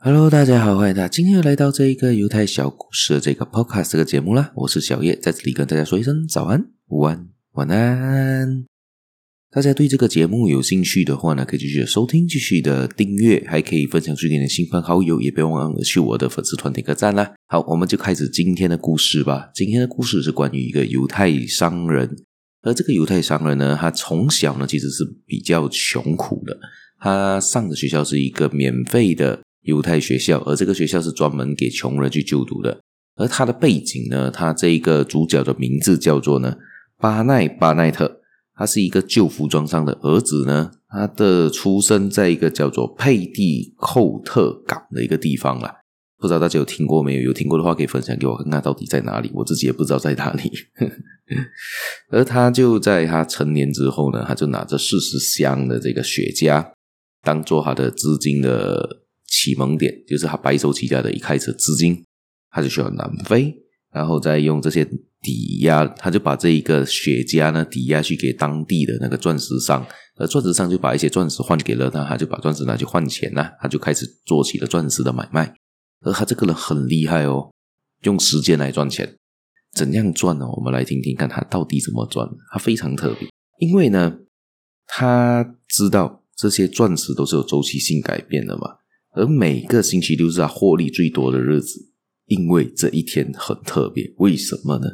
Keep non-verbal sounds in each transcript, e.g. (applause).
哈嘍，大家好，歡迎大家今天又來到這一個猶太小故事的這個 Podcast 這個節目啦。我是小葉，在這裡跟大家說一聲早安、午安、晚安。大家對這個節目有興趣的話呢，可以繼續的收聽，繼續的訂閱，還可以分享出去給你的親朋好友，也別忘了去我的粉絲團，點個讚啦。好，我們就開始今天的故事吧。今天的故事是關於一個猶太商人，而這個猶太商人呢，他從小呢其實是比較窮苦的，他上的學校是一個免費的。猶太學校，而這個學校是專門給窮人去就讀的。而他的背景呢，他這個主角的名字叫做呢巴奈巴奈特，他是一個舊服裝商的兒子呢。他的出生在一個叫做佩蒂寇特港的一個地方啦，不知道大家有聽過沒有？有聽過的話可以分享給我看看到底在哪裡，我自己也不知道在哪裡。 (laughs) 而他就在他成年之後呢，他就拿着四十箱的這個雪茄當做他的資金的。啟蒙點就是他白手起家的一開始資金，他就去了南非，然後再用這些抵押，他就把這一個雪茄呢抵押去給當地的那個鑽石商，而鑽石商就把一些鑽石換給了他，他就把鑽石拿去換錢了，他就開始做起了鑽石的買賣。而他這個人很厲害哦，用時間來賺錢，怎樣賺呢？我們來聽聽看他到底怎麼賺。他非常特別，因為呢，他知道這些鑽石都是有週期性改變的嘛。而每個星期六是他獲利最多的日子，因為這一天很特別。為什麼呢？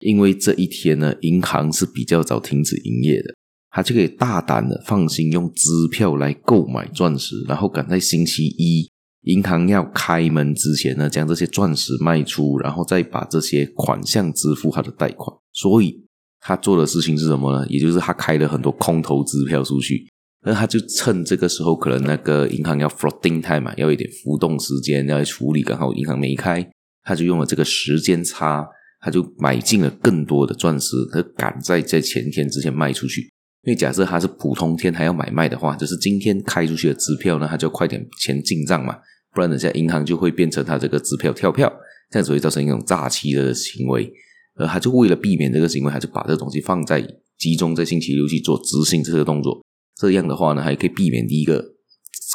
因為這一天呢，銀行是比較早停止營業的，他就可以大膽的、放心用支票來購買鑽石，然後趕在星期一銀行要開門之前呢，將這些鑽石賣出，然後再把這些款項支付他的貸款。所以他做的事情是什麼呢？也就是他開了很多空頭支票出去。那他就趁這個時候，可能那個銀行要 floating time 嘛，要一點浮動時間要處理，剛好銀行沒開，他就用了這個時間差，他就買進了更多的鑽石，他就趕在在前天之前賣出去，因為假設他是普通天還要買賣的話，就是今天開出去的支票呢，他就快點錢進賬嘛，不然等下銀行就會變成他這個支票跳票，這樣子會造成一種詐欺的行為，呃，他就為了避免這個行為，他就把這東西放在集中在星期六去做執行這個動作。這樣的話呢，還可以避免第一個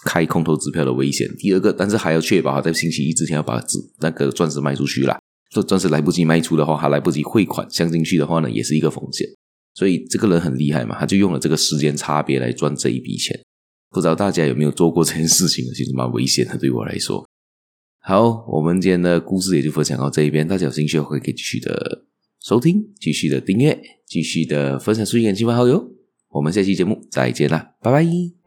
開空頭支票的危險。第二個，但是還要確保他在星期一之前要把那個鑽石賣出去啦。這鑽石來不及賣出的話，還來不及匯款鑲進去的話呢，也是一個風險。所以這個人很厲害嘛，他就用了這個時間差別來賺這一筆錢。不知道大家有沒有做過這件事情？其實蠻危險的。對我來說，好，我們今天的故事也就分享到這一邊。大家有興趣的話可以繼續的收聽，繼續的訂閱，繼續的分享推薦給親朋好友。我們下期節目再見啦，拜拜。